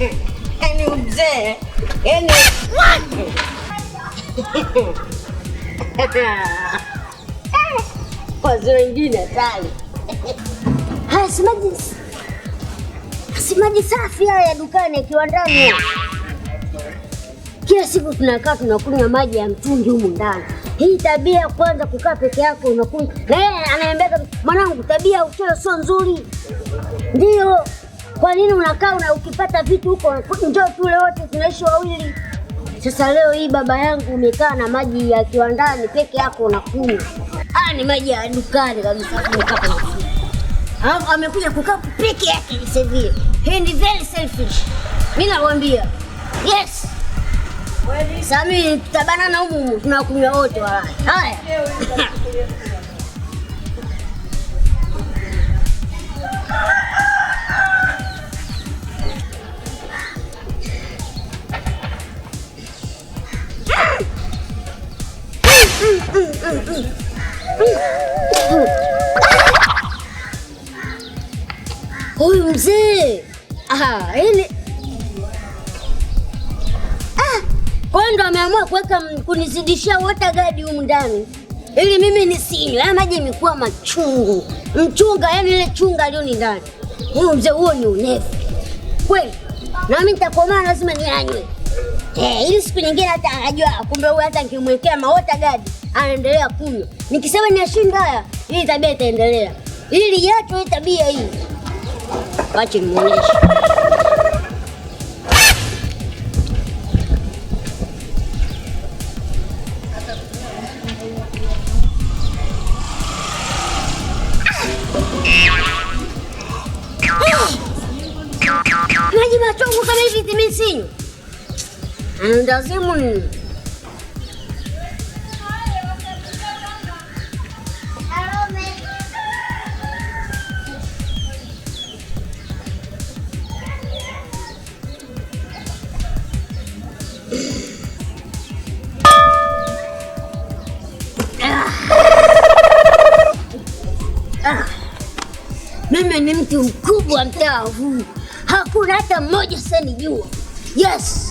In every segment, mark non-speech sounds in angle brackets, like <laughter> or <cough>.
Yaani mzee, yaani wazi wengine pale si maji safi haya ya dukani akiwa ndani. Kila siku tunakaa tunakunywa maji ya mtungi humu ndani. Hii tabia kwanza, kukaa peke yako unakunywa, na yeye ananiambia mwanangu, tabia uchayo sio nzuri, ndio kwa nini unakaa na ukipata vitu huko, njoo tule wote, tunaishi wawili. Sasa leo hii baba yangu umekaa na maji ya kiwandani peke yako unakunywa. Ah, ni maji ya dukani kabisa. Alafu amekuja kukaa peke yake sevile. He is very selfish. Mimi nakwambia. Yes. Sami tutabana na umu tunakunywa wote wala. Haya. <laughs> Huyu mzee hili kwa ameamua kuweka kunizidishia water guard humu ndani ili mimi nisinywe. Haya maji imekuwa machungu mchunga, yani ile chunga leo ni ndani. Huyu mzee, huo ni unefu kweli, nami nitakomaa lazima nianywe hili eh, ili siku nyingine hata anajua kumbe huyu hata nikimwekea maota gadi anaendelea kunywa. Nikisema niashinda haya, hii tabia itaendelea. Ili yetu hii tabia hii. Wache nimuoneshe. Ah! Maji machungu kama hivi timisinywa ndazimu Mimi ni mtu mkubwa mtaa huu, hakuna hata mmoja sanijua. Yes.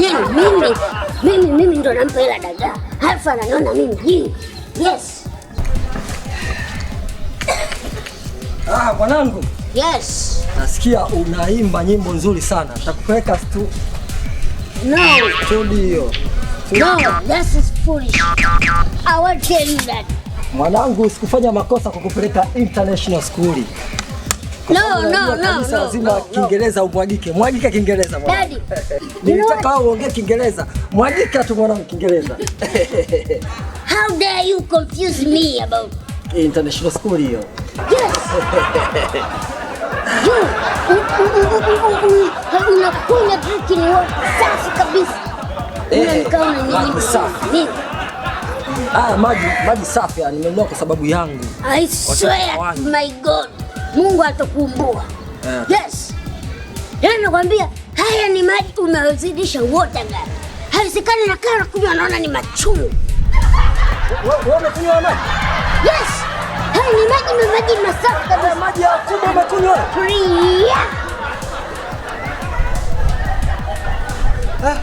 mimi mimi mimi ndo nampa hela dada, halafu ananiona mimi jini. Yes. Ah, mwanangu. Yes. Nasikia unaimba nyimbo nzuri sana. Nitakupeleka tu. No. Studio. No, this is foolish. I won't tell you that. Mwanangu, sikufanya makosa kukupeleka international school. No, no, no, no. Lazima Kiingereza umwagike. Mwagike Kiingereza mwanangu. Daddy. Nilitaka wao uongee Kiingereza. Mwajika tu mwanangu Kiingereza. <laughs> How dare you confuse me about international school hiyo? Yes. Unakunywa drink ni safi kabisa. Eh, ah, maji maji safi nimenunua kwa sababu yangu. I swear my God. Mungu atakumbua. Eh. Yes. Yaani nakwambia Haya ni maji umezidisha wote gani? Haisikani na kana kunywa naona ni machungu. Wewe umekunywa maji? Yes. Haya ni maji na maji masafi kabisa. Maji ya kubwa umekunywa? Priya. Ah. Eh?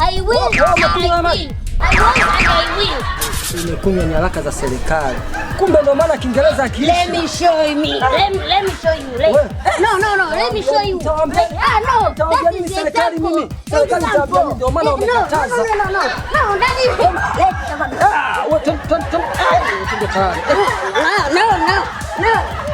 I will, oh, I will. I will and I will. Imekunywa nyaraka za serikali. Kumbe ndo maana Kiingereza kiishi. Let me show you me. Let, let me show you. Let, let me show you.